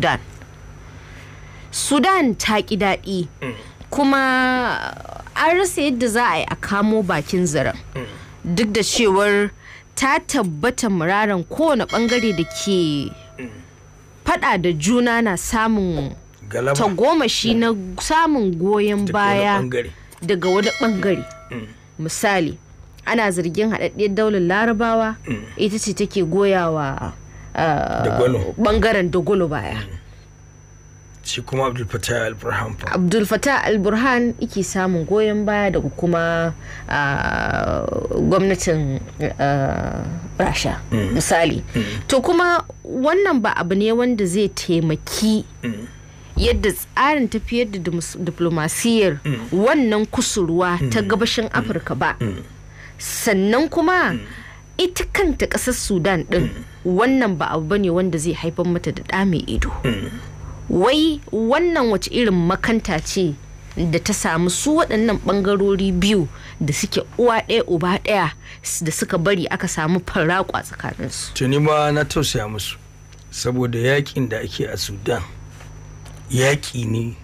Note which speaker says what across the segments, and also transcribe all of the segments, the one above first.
Speaker 1: sudan sudan ta ki daɗi mm. kuma uh, an rasa yadda za a yi a kamo bakin zaren mm. duk da cewar ta tabbata muraren kowane bangare da ke mm. fada da juna na samun tagomashi na samun goyon baya daga wani bangare misali ana zargin haɗaɗɗiyar daular larabawa ita ce take goyawa Eh, bangaren dogolo baya mm.
Speaker 2: shi kuma abdul fattah al-burhan
Speaker 1: abdul fattah al-burhan yake samun goyon baya daga kuma eh, gwamnatin eh, rasha mm. misali mm. to kuma wannan ba abu ne wanda zai taimaki yadda tsarin tafiyar da diplomasiyyar wannan kusurwa ta gabashin afirka ba sannan kuma ita kanta ƙasar sudan ɗin wannan ba abu bane wanda zai haifar mata da ɗa ido wai wannan wace irin makanta ce da ta samu su waɗannan ɓangarori biyu da suke uwa ɗaya uba ɗaya da suka bari aka samu faraƙwa tsakaninsu.
Speaker 2: tuni ma na tausaya musu saboda yaƙin da ake a sudan yaƙi ne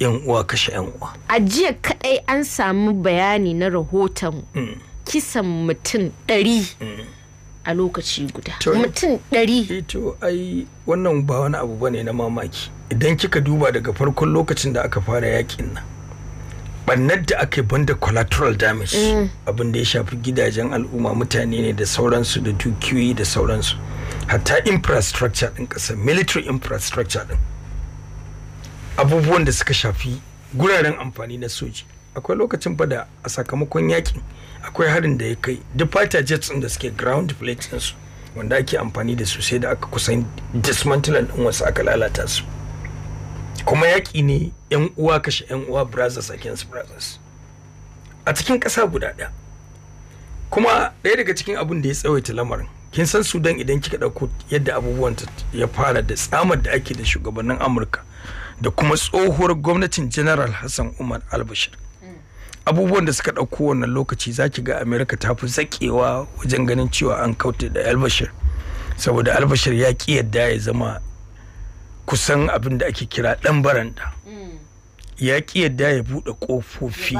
Speaker 2: yan uwa kashe yan uwa
Speaker 1: a jiya kaɗai an samu bayani na rahoton mm. kisan mutum ɗari mm. a lokaci guda
Speaker 2: mutum ɗari eh, to ai wannan ba wani abu bane na mamaki idan kika duba daga farkon lokacin da aka fara yakin nan bannar da aka yi banda collateral damage mm. abin da ya shafi gidajen al'umma mutane ne da sauransu da dukiyoyi da sauransu hatta infrastructure ɗin ƙasa military infrastructure ɗin abubuwan da suka shafi guraren amfani na soji akwai lokacin fa da a sakamakon yakin akwai harin da ya kai duk fighter jets da suke ground plate su wanda ake amfani da su sai da aka kusan dismantling din wasu aka lalata su kuma yaƙi ne yan uwa kashe yan uwa brothers against brothers a cikin ƙasa guda ɗaya kuma ɗaya daga cikin abin da ya tsawaita lamarin kin san sudan idan kika ɗauko yadda abubuwan ya fara da tsamar da ake da shugabannin amurka da kuma tsohuwar gwamnatin general hassan umar albashir abubuwan da suka ɗauko wannan lokaci za ki ga amerika ta fi zaƙewa wajen ganin cewa an kauta da albashir saboda albashir ya ƙi yadda ya zama kusan abin da ake kira ɗan baranda mm. ya ƙi yadda ya buɗe ƙofofi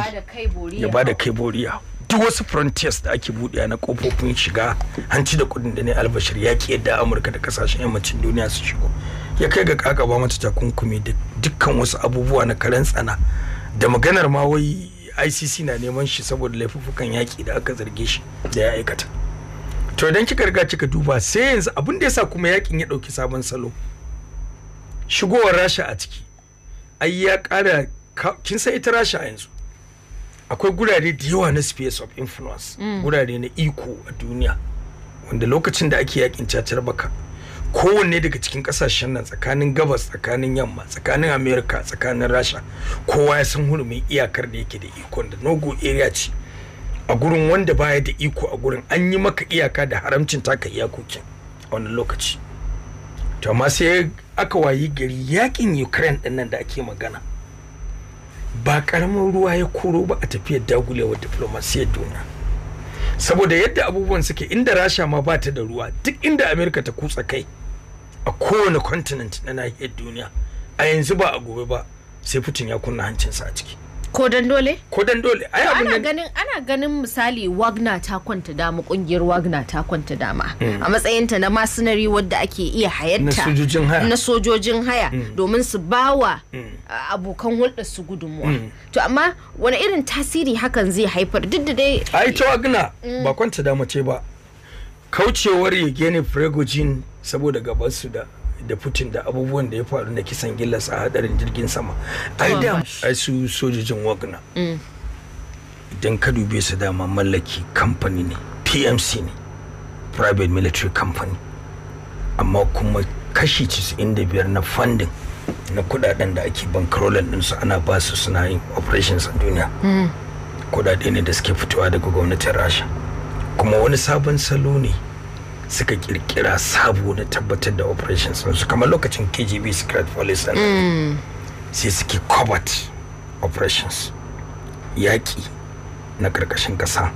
Speaker 2: ya ba da kai boriya duk wasu frontiers da ake buɗe na ƙofofin shiga hanci da kuɗin da ne albashir ya ƙi yadda amurka da ƙasashen yammacin duniya su shigo ya kai ga kakaba mata takunkumi da dukkan wasu abubuwa na karen tsana da maganar ma wai icc na neman shi saboda laifuffukan yaƙi da aka zarge shi da ya aikata to idan kika riga kika duba sai yanzu abin da yasa kuma yakin ya ɗauki sabon salo shigowar rasha a ciki ai ya ƙara kin san ita rasha a yanzu akwai gurare da yawa na space of influence mm. gurare na iko a duniya wanda lokacin da ake yakin cacar baka kowanne daga cikin kasashen nan tsakanin gabas tsakanin yamma tsakanin america tsakanin rasha kowa ya san hurumin iyakar da yake da ikon da nogo area ce a gurin wanda baya da iko a gurin an yi maka iyaka da haramcin taka iyakokin a wani lokaci to amma sai aka wayi gari yakin ukraine din nan da ake magana ba karamin ruwa ya koro ba a tafiyar dagulewar diplomasiyyar duniya saboda yadda abubuwan suke inda rasha ma ba ta da ruwa duk inda amerika ta kutsa kai a kowane continent na nahiyar duniya a yanzu ba a gobe ba sai putin ya kunna hancinsa a ciki
Speaker 1: ko dan dole ko dan dole ai abin ana ganin ana ganin misali wagner ta kwanta dama kungiyar wagner ta kwanta dama hmm. a matsayinta na masinari wadda ake iya hayatta na sojojin haya na sojojin haya hmm. domin su bawa hmm. abokan hulɗar su gudunmuwa to amma wani irin tasiri hakan zai haifar duk da dai ai ta wagner ba
Speaker 2: kwanta dama ce ba kaucewar yegeni prigozhin saboda gabansu da da Putin da abubuwan da ya faru na kisan gillas a hadarin jirgin sama. Ai da ai su sojojin wagna. Mm. Idan ka dube su dama mallaki kamfani ne, PMC ne, Private Military Company. Amma kuma kashi 95 na funding na kudaden da ake bankrolan ɗinsu ana ba su suna yin operations a duniya. Mm. Kudade ne da suke fitowa daga gwamnatin Rasha. Kuma wani sabon salo ne. suka kirkira sabo na tabbatar da operations su kamar lokacin kgb secret police mm. sai suke covert operations yaƙi na ƙarƙashin ƙasa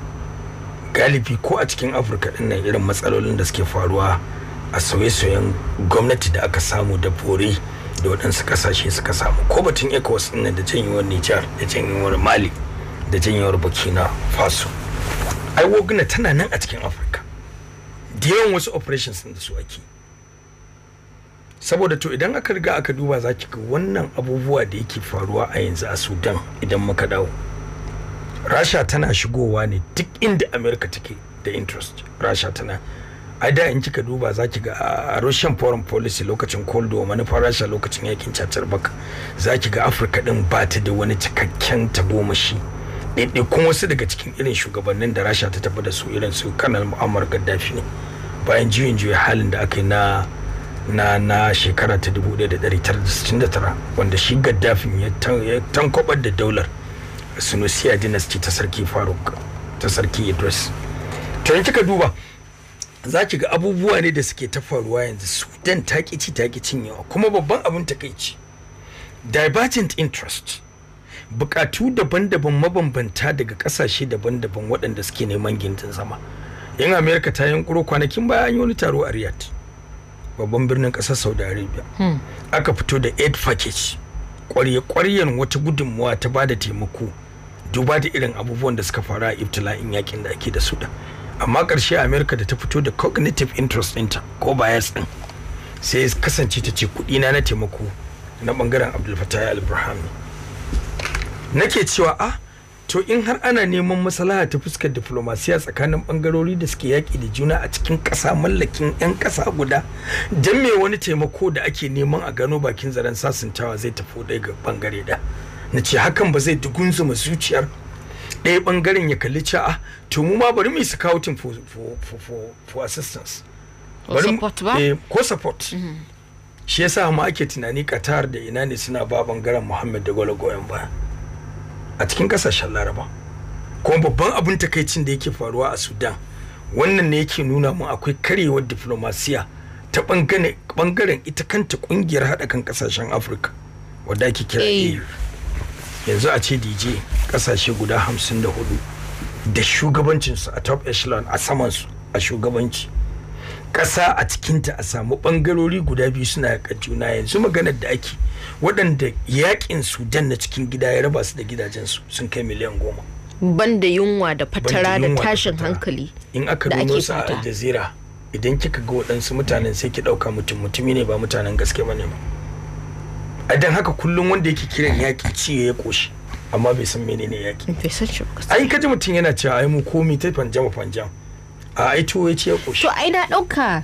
Speaker 2: galibi ko a cikin afirka ɗin nan irin matsalolin da suke faruwa a sauye-sauyen gwamnati da aka samu da fore da waɗansu ƙasashe suka samu ko batun ecowas ɗin da janyewar nijar da janyewar mali da janyewar burkina faso ai wogina tana nan a cikin afirka da yawan wasu operations da su ake saboda to idan aka riga aka duba za ki ga wannan abubuwa da yake faruwa a yanzu a sudan idan muka dawo rasha tana shigowa ne duk inda america take da interest rasha tana a da in kika duba za ki ga a russian foreign policy lokacin cold war manufar rasha lokacin yakin cacar baka za ki ga afirka din ba ta da wani cikakken tagomashi ɗaiɗaikun wasu daga cikin irin shugabannin da rasha ta tafi da su irin su kanal mu'ammar gaddafi ne bayan juyin juya halin da aka yi na na na shekara ta 1969 wanda shi gaddafin ya tankobar da daular sunusiya dynasty ta sarki faruk ta sarki idris ta yi ka duba za ki ga abubuwa ne da suke ta faruwa yanzu sudan ta kici ta yawa kuma babban abin ta takaici divergent interest bukatu daban-daban mabambanta daga kasashe daban-daban waɗanda suke neman gindin zama yan amerika ta yankuro kwanakin baya yi wani taro a riyadh babban birnin kasar saudi arabia hmm. aka fito da aid package kwarye-kwaryen wata gudunmuwa ta ba da taimako duba da irin abubuwan da suka faru a ibtila'in yakin da ake da su da amma karshe amerika da ta fito da cognitive interest ɗinta ko bias ɗin sai kasance ta ce kuɗi na na taimako na ɓangaren abdulfatai al-burhami nake cewa a ah, to in har ana neman masalaha ta fuskar diplomasiya tsakanin bangarori da suke yaki da juna a cikin ƙasa mallakin 'yan ƙasa guda don me wani taimako da ake neman a gano bakin zaren sasantawa zai tafi ga bangare da na ce hakan ba zai dugunzuma zuciyar ɗaya bangaren ya kalli ca'a to mu ma bari mu yi scouting for, for, for, for assistance
Speaker 1: ko support ba eh,
Speaker 2: ko support mhm. shi yasa ma ake tunani Qatar da ina ne suna ba bangaren Muhammad da Gwala ba baya a cikin kasashen laraba kuma babban abin takaicin da yake faruwa a sudan wannan ne yake nuna mu akwai karyewar diflomasiya ta bangaren ita kanta kungiyar haɗa kan kasashen afirka wadda ake kira eh. au yanzu a ce dj kasashe guda hamsin da hudu da shugabancinsu a top echelon a samansu a shugabanci kasa a cikinta a samu bangarori guda biyu suna yaƙar juna yanzu maganar da ake waɗanda yaƙin sudan na cikin gida ya raba su da gidajensu sun kai miliyan goma
Speaker 1: banda yunwa da fatara da tashin hankali in aka nuno sa a
Speaker 2: aljazira idan kika ga waɗansu mutanen sai ki ɗauka mutum mutumi ne ba mutanen gaske ba ne ba a dan haka kullum wanda yake kiran yaƙi ciye ya ƙoshi amma bai san menene yaƙi ai kaji mutum yana cewa ai mu komi ta fanjama fanjama a ito
Speaker 1: ya ce to ai na ɗauka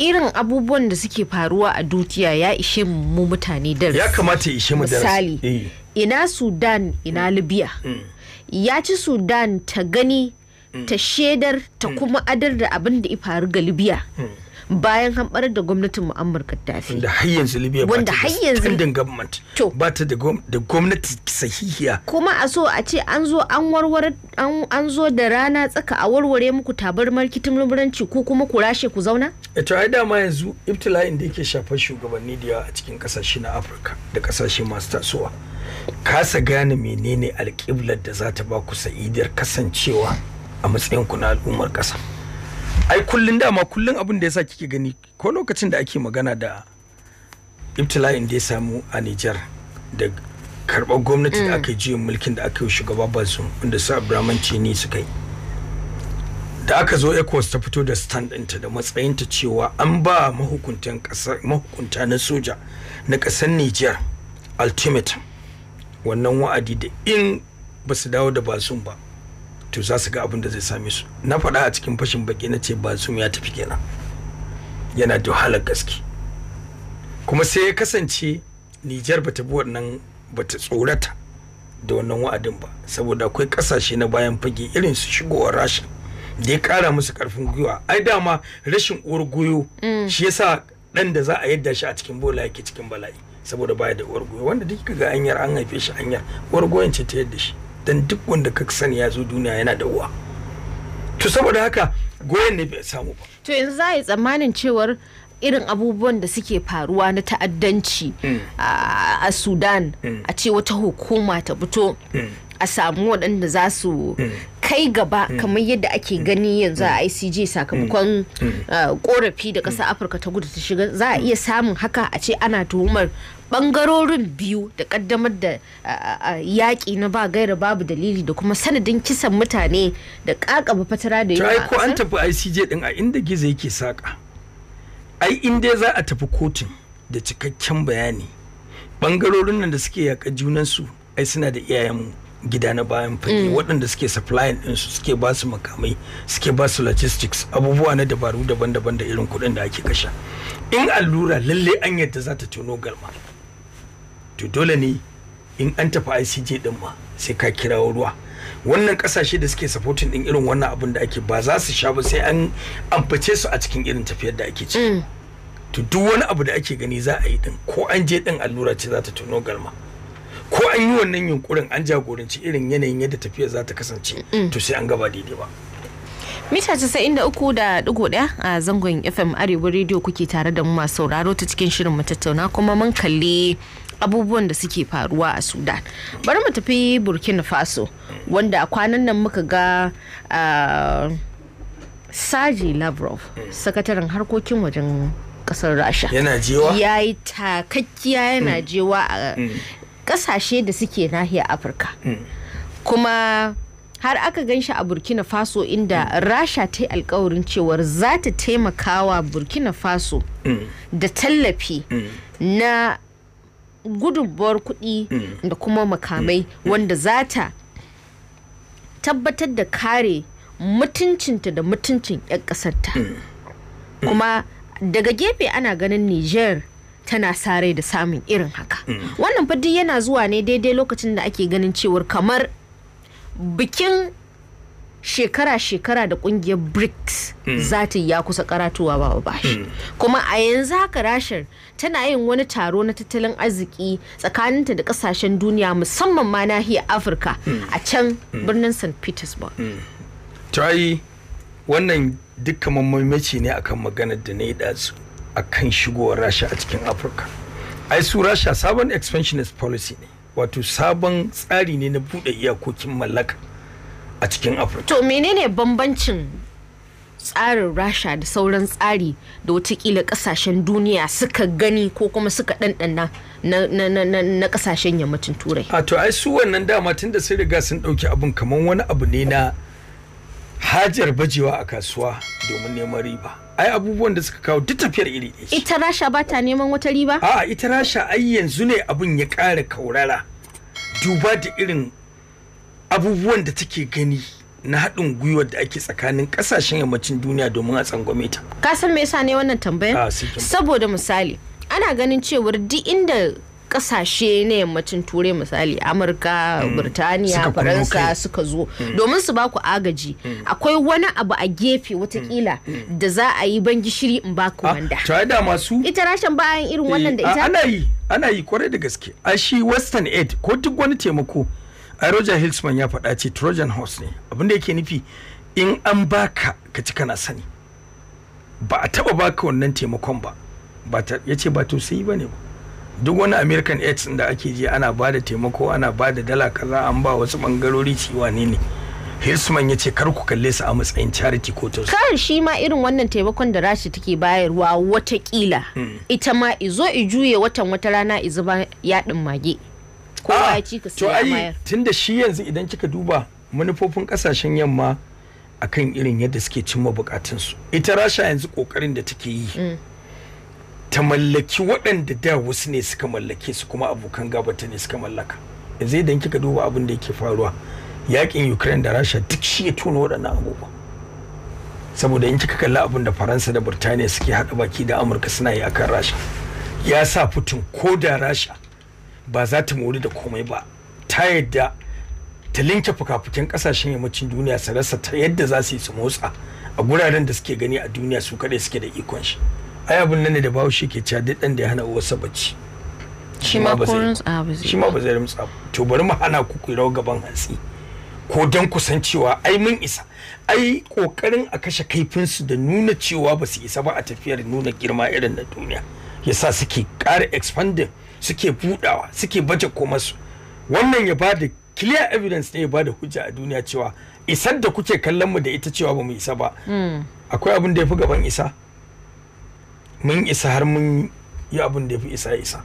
Speaker 1: irin abubuwan da suke faruwa a dukiya ya ishe mu mutane da ya kamata ishe mu misali eh. ina sudan ina mm. libya mm. ya ci sudan ta gani ta mm. shedar ta kuma adar da abin da ya faru ga libya bayan hamɓar da gwamnatin mu'ammar gaddafi wanda
Speaker 2: har yanzu libya ba ta da standing government ba ta da gwamnati sahihiya
Speaker 1: kuma a so a ce an zo an warware an zo da rana tsaka a warware muku tabarmar kitin lumuranci ko kuma ku rashe ku zauna
Speaker 2: e to ai dama yanzu ibtila'in da yake shafar shugabanni da yawa a cikin kasashe na afirka da kasashe masu tasowa kasa gane menene alƙiblar da za ta ba ku sa'idar kasancewa a matsayin ku na al'ummar ƙasa ai kullun dama kullun abin da yasa kike gani ko lokacin da ake magana da ibtila'in da ya samu a Nijar da karɓar gwamnati da mm. aka yi juyin mulkin da aka yi shugaba Bazoum wanda su Abraman ni suka yi da aka zo ecos ta fito da stand ɗinta da matsayinta cewa an ba mahukuntan mahukunta na soja na ƙasar Nijar ultimatum wannan wa'adi da in ba su dawo da basun ba to za su ga abin da zai same su na faɗa a cikin fashin baki na ce ba ya tafi kenan yana da wahalar gaske kuma sai ya kasance nijar bata bi wannan bata tsorata da wannan wa'adin ba saboda akwai kasashe na bayan fage irin su shigowa rasha da ya kara musu karfin gwiwa ai dama rashin uwar goyo mm. shi yasa dan da za a yadda shi a cikin bola yake cikin bala'i saboda baya da uwar goyo wanda duk ga anyar an haife shi anyar uwar goyon ce ta yadda shi dan duk wanda ka sani ya zo duniya yana da uwa to saboda haka goyon ne
Speaker 1: bai samu ba to yanzu za a yi tsammanin cewar irin abubuwan da suke faruwa na ta'addanci hmm. a sudan hmm. a ce wata hukuma ta fito hmm. a samu waɗanda za su kai gaba kamar yadda ake gani yanzu a icj sakamakon korafi mm. uh, da ƙasa mm. afirka ta gudu ta shiga za a iya samun haka a ce ana tuhumar bangarorin biyu da ƙaddamar da yaƙi na ba gaira babu dalili da kuma sanadin kisan mutane da ƙaƙaba fatara da yawa ko an
Speaker 2: tafi icj din a inda gizo yake saƙa ai in dai za a tafi kotun da cikakken bayani bangarorin nan da suke yaƙa junansu ai suna da iyayenmu gida na bayan fage mm. waɗanda suke supply su suke ba su makamai suke ba su logistics abubuwa na dabaru daban-daban da irin kuɗin da ake kasha in allura lalle an yadda za ta tono galma to dole ne in an tafi icj ɗin ma sai ka kirawo ruwa wannan kasashe da suke supporting din irin wannan abin da ake ba za su sha ba sai an ambace su a cikin irin tafiyar da ake ci mm. to duk wani abu da ake gani za a yi din ko an je din allura ce za ta tono galma ko an yi wannan yunkurin an jagoranci irin yanayin yadda tafiya za ta kasance to sai an gaba daidai ba
Speaker 1: mita uku da digo daya a zangon fm arewa radio kuke tare da mu masu sauraro ta cikin shirin mu kuma mun kalli abubuwan da suke faruwa a sudan bari mu tafi burkina faso wanda a kwanan nan muka ga saji lavrov mm. sakataren harkokin wajen kasar rasha yana jewa ya yi takakkiya yana mm. jewa a mm. kasashe da suke nahiyar afirka hmm. kuma har aka gan shi a burkina faso inda hmm. rasha ta yi alkawarin cewar za ta taimakawa burkina faso hmm. da tallafi na gudunbuwar kudi da kuma makamai wanda za ta tabbatar da kare mutuncinta da mutuncin 'yan ƙasarta kuma daga gefe ana ganin niger tana sare da samun irin haka mm. wannan fa duk yana zuwa ne daidai lokacin da ake ganin cewar kamar bikin shekara-shekara da kungiyar brics mm. za ta ya kusa karatuwa ba ba mm. kuma a yanzu haka rashar tana yin wani taro na tattalin arziki tsakaninta da kasashen duniya musamman ma nahiyar afirka a can birnin st petersburg
Speaker 2: wannan dukkan mamamaci ne akan maganar da na yi a kan shigowar rasha a cikin afirka ai su rasha sabon expansionist policy ne wato sabon tsari ne na buɗe iyakokin mallaka a cikin afirka to
Speaker 1: menene bambancin tsarin rasha da sauran tsari da watakila kasashen duniya suka gani ko kuma suka ɗanɗana na kasashen yammacin turai
Speaker 2: a to ai su wannan dama tun da sun riga sun ɗauki abin kamar wani abu ne na hajar bajewa a kasuwa domin neman riba ai abubuwan da suka kawo duk tafiyar iri ɗaya
Speaker 1: ita rasha ba ta neman wata riba a ita
Speaker 2: rasha ai yanzu ne abin ya ƙara kaurara duba da irin abubuwan da take gani na haɗin gwiwar da ake tsakanin ƙasashen yammacin duniya domin a tsangwame ta.
Speaker 1: Ka san me yasa ne wannan tambayar? Saboda misali, ana ganin cewar duk inda kasashe na yammacin turai misali amurka hmm. birtaniya faransa suka zo hmm. domin su baku agaji hmm. akwai wani abu a gefe watakila da za a yi ban gishiri in baku ah, wanda ita rashin bayan irin wannan da eh, ita ana
Speaker 2: yi ana yi kwarai da gaske a shi western aid ko duk wani taimako a roger hilsman ya faɗa ce trojan horse ne abin da yake nufi in an baka ka ci kana sani ba a taba baka wannan taimakon ba ya ce ba to sai ba ne ba duk wani american aids da ake je ana ba da taimako ana ba da dala kaza an ba wasu bangarori ciwa ne ne hirsman ya ce kar ku kalle su a matsayin charity ko ta Kar
Speaker 1: shi ma irin wannan taimakon da Rashi take bayarwa watakila hmm. ita ma izo i juye watan wata rana izuba yaɗin mage. ko ah, ya ci ka sai mayar.
Speaker 2: Tunda shi yanzu idan kika duba manufofin kasashen yamma akan irin yadda suke cimma bukatunsu. Ita Rasha yanzu kokarin da take yi. Hmm. ta mallaki waɗanda da wasu ne suka mallake su kuma abokan gabata ne suka mallaka yanzu idan kika duba abin da yake faruwa yakin ukraine da rasha duk shi ya tona waɗannan abubuwa saboda in kika kalli abin da faransa da birtaniya suke haɗa baki da amurka suna yi akan rasha ya sa putin ko da rasha ba za ta mori da komai ba ta yadda ta linke fukafukin kasashen yammacin duniya su rasa ta yadda za su yi su motsa a guraren da suke gani a duniya su kaɗai suke da ikon shi ai abun nan ne da bawo shi ke cewa duk dan da ya hana uwarsa bacci
Speaker 1: shi ma ba zai shi ma ba
Speaker 2: zai tsabu. to bari mu hana ku ku gaban hantsi ko dan kusan cewa ai mun isa ai kokarin a kashe kaifin su da nuna cewa ba su isa ba a tafiyar nuna girma irin na duniya yasa suke ƙara expanding suke budawa suke baje su. wannan ya bada clear evidence ne ya bada hujja a duniya cewa isar da kuke kallon mu da ita cewa ba mu isa ba hmm. akwai abin da ya fi gaban isa mun isa har mun yi abin da ya fi isa isa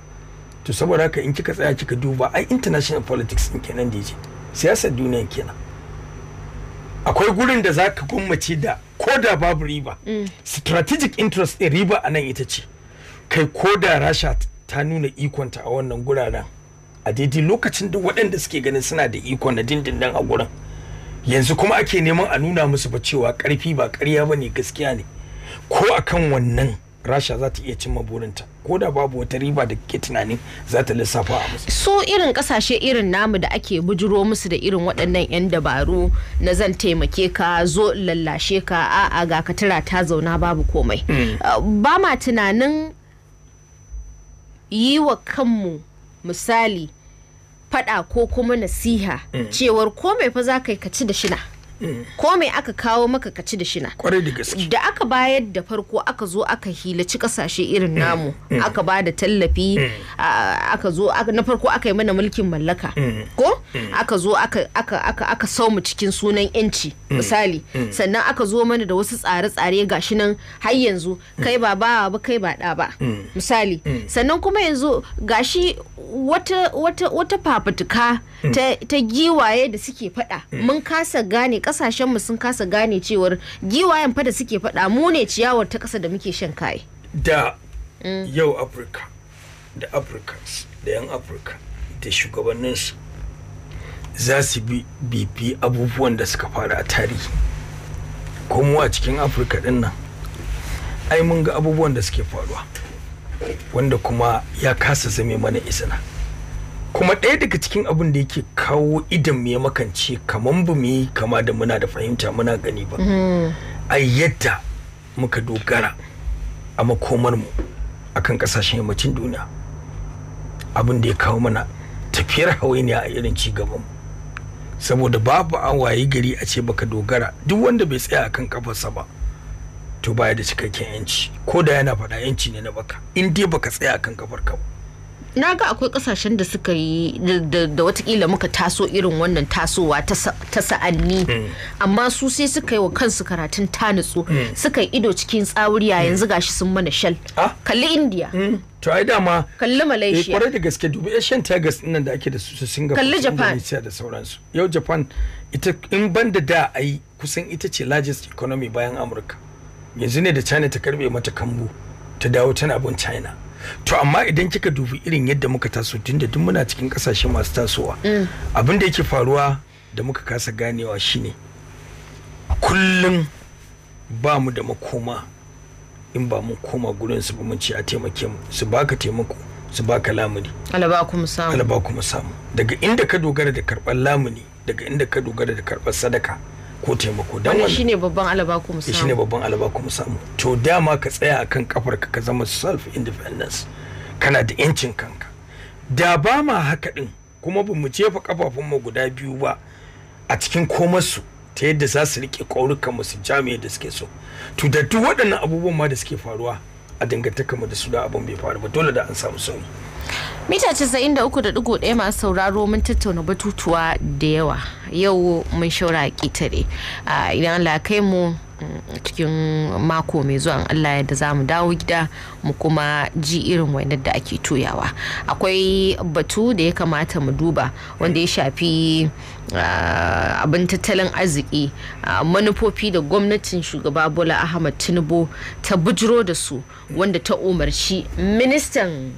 Speaker 2: to saboda haka in kika tsaya kika duba ai international politics in kenan da siyasar duniya kenan akwai gurin da zaka ka gwammace da ko da babu riba mm. strategic interest in riba anan ita ce kai ko da rasha ta nuna ikonta a wannan guraren a daidai lokacin da waɗanda suke ganin suna da ikon na dindindin a gurin yanzu kuma ake neman a nuna musu ba cewa ƙarfi ba karya ba ne gaskiya ne ko akan wannan rasha za ta iya cimma burinta ko da babu wata riba da ke tunanin za ta lissafa a musu
Speaker 1: so irin kasashe irin namu da ake bujuro musu da irin waɗannan 'yan dabaru na zan taimake ka zo lallashe ka a'a ga ka katira ta zauna babu komai hmm. uh, ba ma tunanin yi wa kanmu misali fada ko kuma nasiha hmm. cewar komai fa za ka yi ka ci da shina ko me aka kawo maka ka ci da shina da aka bayar da farko aka zo aka hilaci kasashe irin mm, namu mm. aka ba da tallafi mm. aka zo na farko aka yi mana mulkin mallaka ko aka zo aka sau mu cikin sunan yanci misali sannan aka zo mana da wasu tsare-tsare gashi nan har yanzu kai ba ba ba kai ba da ba misali sannan kuma yanzu gashi shi wata wata fafutuka ta giwaye da suke faɗa mun kasa gane kasashen mu sun kasa gane cewar giwayen fada suke faɗa mu ne ciyawar ta ƙasa da muke shan kai da mm.
Speaker 2: yau afirka da africans da yan afirka da shugabanninsu za su bi bibi abubuwan da suka fara a tarihi kuma a cikin afirka din nan ai mun ga abubuwan da suke faruwa wanda kuma ya kasa zame mana izina. kuma ɗaya daga cikin abin da yake kawo idan mu ya makance kaman ba mu yi kama da muna da fahimta muna gani ba hmm. a yadda muka dogara a makomar mu akan kasashen yammacin duniya abin da ya kawo mana tafiyar hawainiya a irin ci gaban mu saboda babu an waye gari a ce baka dogara duk wanda bai tsaya akan kafarsa ba to baya da cikakken yanci ko da yana faɗa yanci ne na baka in dai baka tsaya akan kafar ba
Speaker 1: na ga akwai kasashen da suka yi da watakila muka taso irin wannan tasowa ta sa'anni hmm. amma su sai suka yi wa kansu karatun ta nutsu hmm. suka yi ido cikin tsawuriya hmm. yanzu gashi sun mana shal ah? kalli india
Speaker 2: to ai dama
Speaker 1: kalli malaysia eh, kwarai
Speaker 2: da gaske dubi asian tigers nan da ake da su su singapore kalli japan da sauransu yau japan ita in banda da ai kusan ita ce largest economy bayan amurka yanzu ne da china ta karbe mata kambu ta dawo tana bin china to amma idan kika dubi irin yadda muka taso tunda duk muna cikin kasashe masu tasowa mm. abin da yake faruwa da muka kasa ganewa shine kullum ba mu da makoma in ba mun koma gurin su mun ci a taimake mu su baka taimako su baka lamuni alaba kuma samu alaba kuma samu daga inda ka dogara da karɓar lamuni daga inda ka dogara da karɓar sadaka ko taimako dan wannan shine
Speaker 1: babban alaba mu eh, samu shine
Speaker 2: babban alaba mu samu to dama ka tsaya akan kafar ka ka zama self independence kana da yancin kanka da ba ma haka din kuma ba mu jefa kafafun mu guda biyu ba a cikin su ta yadda za su rike kaurukan mu su jami'a da suke so to da duk waɗannan abubuwan ma da suke faruwa a dangantaka mu da su da abun bai faru ba dole da an samu sauyi
Speaker 1: Mita 93.1 masu sauraro mun tattauna batutuwa da yawa yau mun shaura ƙetare. Idan Allah kai mu mm, cikin mako mai zuwa Allah da za mu dawo gida mu kuma ji irin wainar da ake tuyawa akwai batu da ya kamata mu duba wanda ya shafi abin tattalin arziki manufofi da gwamnatin shugaba bola ahmad tinubu ta bujiro da su wanda ta umarci ministan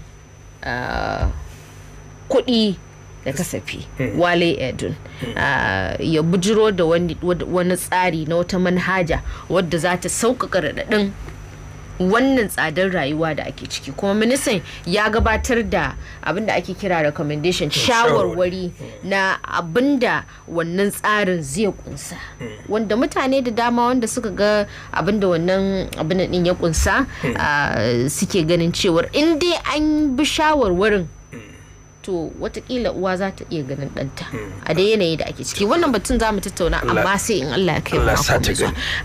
Speaker 1: Uh, kuɗi da kasafi mm. Mm. wale edun mm. uh, ya bujiro da wani tsari na wata manhaja wadda za ta sauƙaƙa raɗaɗin wannan tsadar rayuwa da ake ciki kuma ministan ya gabatar da abinda ake kira recommendation shawarwari hmm. na abin da wannan tsarin zai kunsa hmm. wanda mutane da dama wanda suka ga abin da wannan abin din ya kunsa hmm. ah, suke ganin cewar in dai an bi shawarwarin to watakila uwa za ta iya ganin ɗanta hmm. a da yanayi da ake ciki wannan batun za mu tattauna amma sai in Allah ya kai mu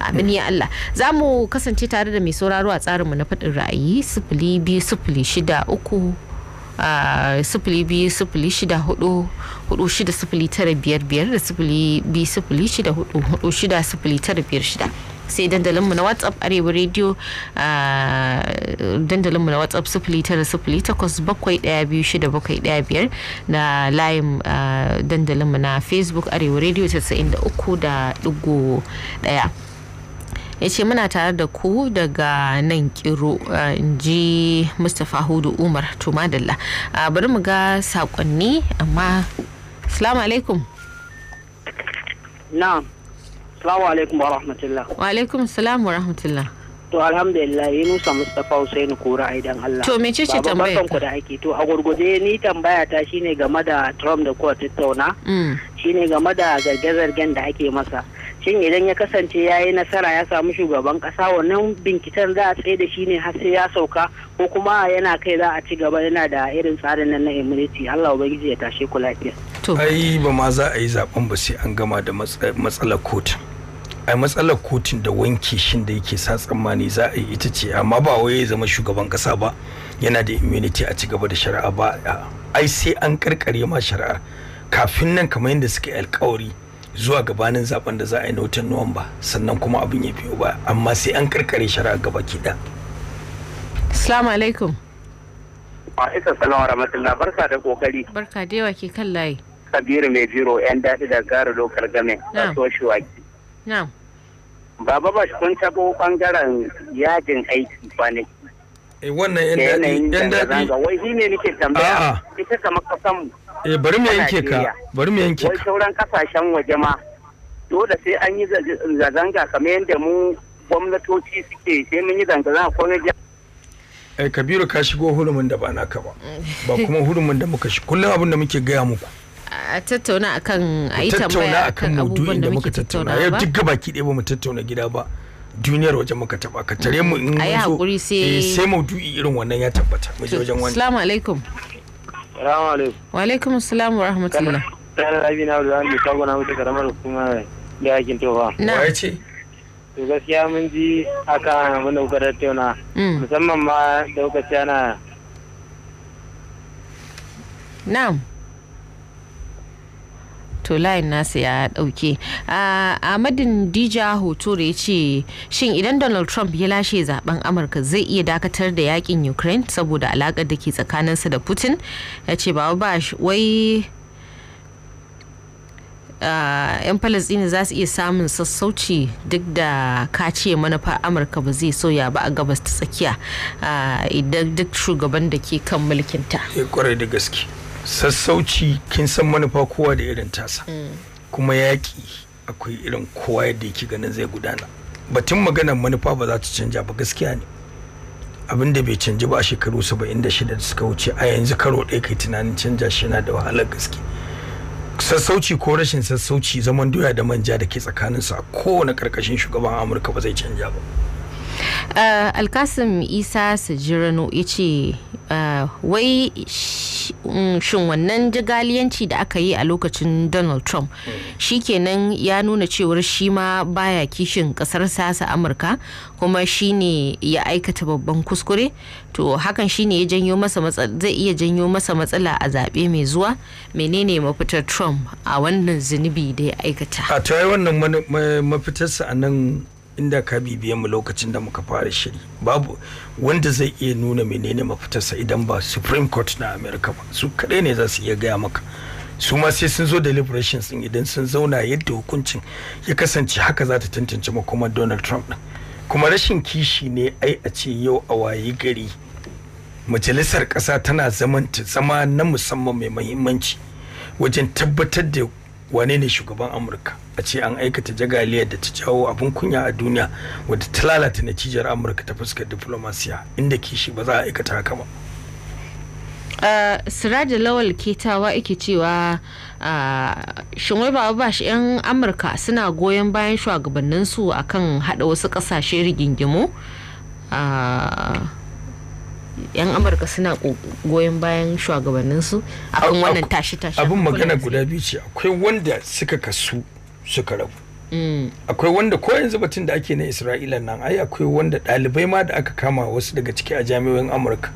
Speaker 1: abin ya Allah za mu kasance tare da mai sauraro a tsarinmu na faɗin ra'ayi sifili biyu sifili shida uku sifili biyu sifili shida hudu hudu shida sifili tara biyar biyar da sifili biyu sifili shida hudu hudu shida sifili tara biyar shida sai dandalinmu na whatsapp arewa radio a dandalinmu na whatsapp sifili tara sifili takwas bakwai daya biyu shida bakwai daya biyar na layin dandalinmu na facebook arewa radio tasa'in da uku da digo daya ya ce muna tare da ku daga nan kiro in ji mustapha hudu umar to madalla bari mu ga sakonni amma salamu alaikum na'am Salamu alaikum wa rahmatullah. Wa alaikum assalam wa rahmatullah. To alhamdulillah Musa Mustapha Husseinu Kura idan Allah. To mece ce tambayar ka? da ake to a gurguje ni tambaya ta shine game da Trump da kuwa tattauna. Mm. Shine game da zarge-zargen da ake masa. Shin idan ya kasance ya yi nasara ya samu shugaban kasa wannan binkitar za a tsaye da shi ne har sai ya sauka ko kuma yana kai za a ci gaba yana da irin tsarin nan na immunity Allah ubangiji ya tashe ku lafiya.
Speaker 2: ai ba ma za a yi zaben ba sai an gama da matsalar kotu. ai matsalar kotun da wanke shin da yake sa tsammani za a yi ita ce amma ba wai ya zama shugaban kasa ba yana da immunity a cigaba da shari'a ba ai sai an karkare ma shari'a kafin nan kamar yadda suka yi alkawari zuwa gabanin zaben da za a yi na watan nuwamba sannan kuma abin ya biyo ba amma sai an karkare shari'a
Speaker 1: gaba ki da assalamu alaikum
Speaker 2: wa isa salam wa rahmatullah barka da kokari barka
Speaker 1: da yawa ke kan layi
Speaker 2: kabiru mai biro yan daɗi da gara lokar game kasuwar shuwaki Baba ba kun tabo ɓangaren yajin aiki kwanaki. Eh wannan yan daɗi yan daɗi. Wai shi ne nake tambaya. Ita kama kasan mu. Eh bari mu yanke ka bari mu yanke ka. Wai sauran kasashen waje ma dole sai an yi zanga kamar yadda mu gwamnatoci suke sai mun yi zanga-zanga ko na eh, Kabiru ka shigo hurumin da ba naka ba ba kuma hurumin da muka shi kullum abin da muke gaya muku
Speaker 1: a tattauna akan a yi tambaya akan abubuwan da muka
Speaker 2: tattauna ba duk gaba ki ɗaya ba mu tattauna gida ba duniyar waje muka taba ka tare mu in yi hakuri sai eh, sai maudu'i irin wannan ya tabbata mu je wajen wani assalamu
Speaker 1: alaikum assalamu alaikum wa alaikum assalam wa rahmatullah
Speaker 2: kana rabi na da ni kago na mutu karamar kuma da yakin tofa na ya ce to gaskiya mun ji akan mun da kuka tattauna mm. musamman ma da kuka ci ana
Speaker 1: na'am to layin nasa ya dauke ahmadin dija da ya ce shin idan donald trump ya lashe zaben amurka zai iya dakatar da yakin ukraine saboda alakar da ke tsakaninsa da putin ya ce ba ba wai yan falasdini za su iya samun sassauci duk da ka ce manufar amurka ba zai soya ba a gabas ta tsakiya idan duk shugaban da ke kan mulkinta eh,
Speaker 2: kwarai da gaske
Speaker 1: sassauci kin san manufa kowa da irin tasa kuma yaƙi
Speaker 2: akwai irin kowa yadda yake ganin zai gudana batun maganar manufa ba za ta canja ba gaskiya ne abin da bai canji ba a shekaru 76 da suka wuce a yanzu karo ɗaya kai tunanin canja shi yana da wahalar gaske sassauci ko rashin sassauci zaman doya da manja da ke tsakanin a kowane karkashin shugaban amurka ba zai canja ba
Speaker 1: uh, alkasim isa sujirano ya ce uh, wai Mm, shin wannan jigaliyanci da aka yi a lokacin donald trump shi kenan ya nuna cewar shi ma baya kishin kasar sasa amurka kuma shi ne ya aikata babban kuskure to hakan shi ne zai iya janyo masa matsala a zaɓe mai zuwa menene mafitar trump a wannan zunubi da ya aikata
Speaker 2: a wannan mafitarsa a nan inda ka bibiye mu lokacin da muka fara shiri babu wanda zai iya nuna menene mafitarsa idan ba supreme court na america ba su kadai ne za su iya gaya maka su ma sai sun zo deliberations din idan sun zauna yadda hukuncin ya kasance haka za ta tantance makomar donald trump din kuma rashin kishi ne ai a ce yau a waye gari majalisar kasa tana zama na musamman mai muhimmanci wajen tabbatar da wane ne shugaban amurka a ce an aikata jagaliyar da ta jawo abin kunya a duniya wadda ta lalata natijar amurka ta fuskar diplomasiya inda kishi ba za a aikata haka ba
Speaker 1: Uh, sirajin lawal ketawa ike cewa uh, shin ba shi 'yan amurka suna goyon bayan shugabanninsu akan hada wasu kasashe rigingimu yan amurka suna goyon bayan shugabanninsu akan wannan tashi tashi abin magana
Speaker 2: guda biyu ce akwai wanda suka kasu suka rabu mm. akwai wanda ko yanzu batun da ake na isra'ila nan ai akwai wanda ɗalibai ma da aka kama wasu daga ciki a jami'o'in amurka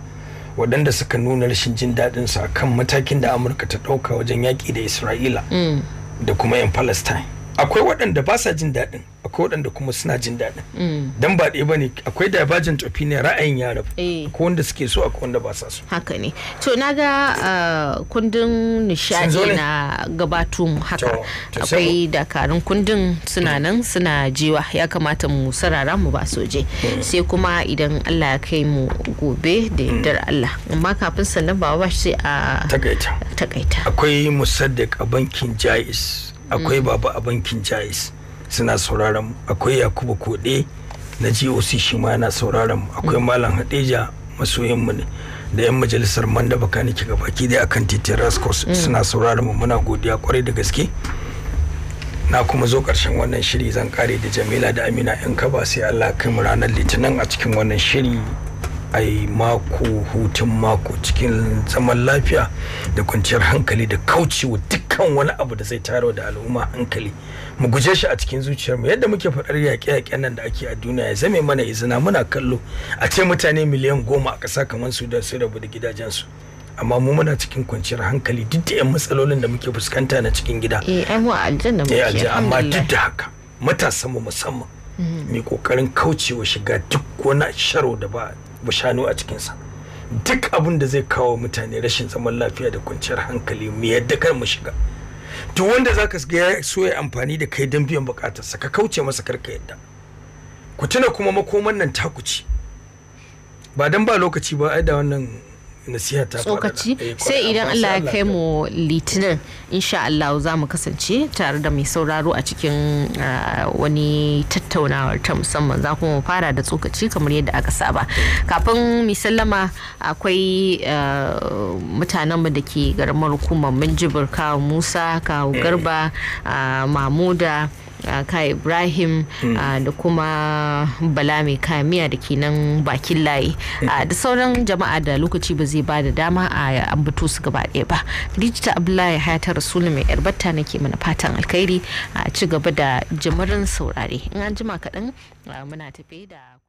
Speaker 2: waɗanda suka nuna rashin jin daɗin su akan matakin da amurka ta ɗauka wajen yaki da isra'ila mm. da kuma yan palestine akwai waɗanda ba sa jin daɗin akwai waɗanda kuma suna jin daɗin mm. don ba ɗaya bane akwai
Speaker 1: divergent opinion ra'ayin yara eh. ko wanda suke so akwai wanda ba sa so haka ne to na ga ah, kundin nishadi na gabato mu haka akwai dakarun kundin suna mm. nan suna jewa ya kamata mu sarara mu ba soje mm. sai kuma idan Allah ya kai mu gobe da yardar Allah amma kafin sannan ba ba sai a takaita
Speaker 2: akwai musaddiq a bankin jais akwai baba a bankin jais suna sauraron akwai yakubu kode na goc shi ma yana sauraron akwai malam hadeja masoyin mu ne da yan majalisar manda baka nake gabaki dai akan titin rascos mm. suna sauraron mu muna godiya kwarai da gaske na kuma zo karshen wannan shiri zan kare da jamila da amina ka ba sai allah kai mu ranar litinin a cikin wannan shiri ai mako hutun mako cikin zaman lafiya da kwanciyar hankali da kaucewa duk kan wani abu da zai taro da al'umma hankali mu guje shi a cikin zuciyarmu yadda muke faɗar yaƙe-yaƙen nan da ake a duniya ya zame mana izina muna kallo a ce mutane miliyan goma a ƙasa kamar su da su rabu da gidajensu amma mu muna cikin kwanciyar hankali duk da 'yan matsalolin da muke fuskanta na cikin gida eh,
Speaker 1: eh amma
Speaker 2: duk da haka matasan mu musamman mai mm-hmm. kokarin kaucewa shiga duk wani sharo da ba shanu a cikinsa duk abin da zai kawo mutane rashin zaman lafiya da kwanciyar hankali mu yadda kar mu shiga to wanda za ka ga so ya amfani da kai don biyan bukatarsa ka kauce masa karka yadda ku tuna kuma makoman nan ku ci ba dan ba lokaci ba ai da wannan tsokaci eh, sai idan Allah ya kai
Speaker 1: mu litinin insha Allah za mu kasance tare da mai sauraro a cikin ah, wani tattaunawar ta musamman za kuma fara da tsokaci kamar yadda aka saba kafin misalama akwai ah, mutanen da ke garamar hukumar minjibir kawo musa kawo eh. garba ah, mamuda ka ibrahim mm. da kuma bala mai kamiya da ke nan bakin layi mm. da sauran jama'a da lokaci ba zai ba da dama a ambato su gaba ɗaya ba dijita abdullahi ta rasulu mai yarbatta nake mana fatan alkhairi a ci gaba da jimirin saurare in an jima kaɗan muna tafe da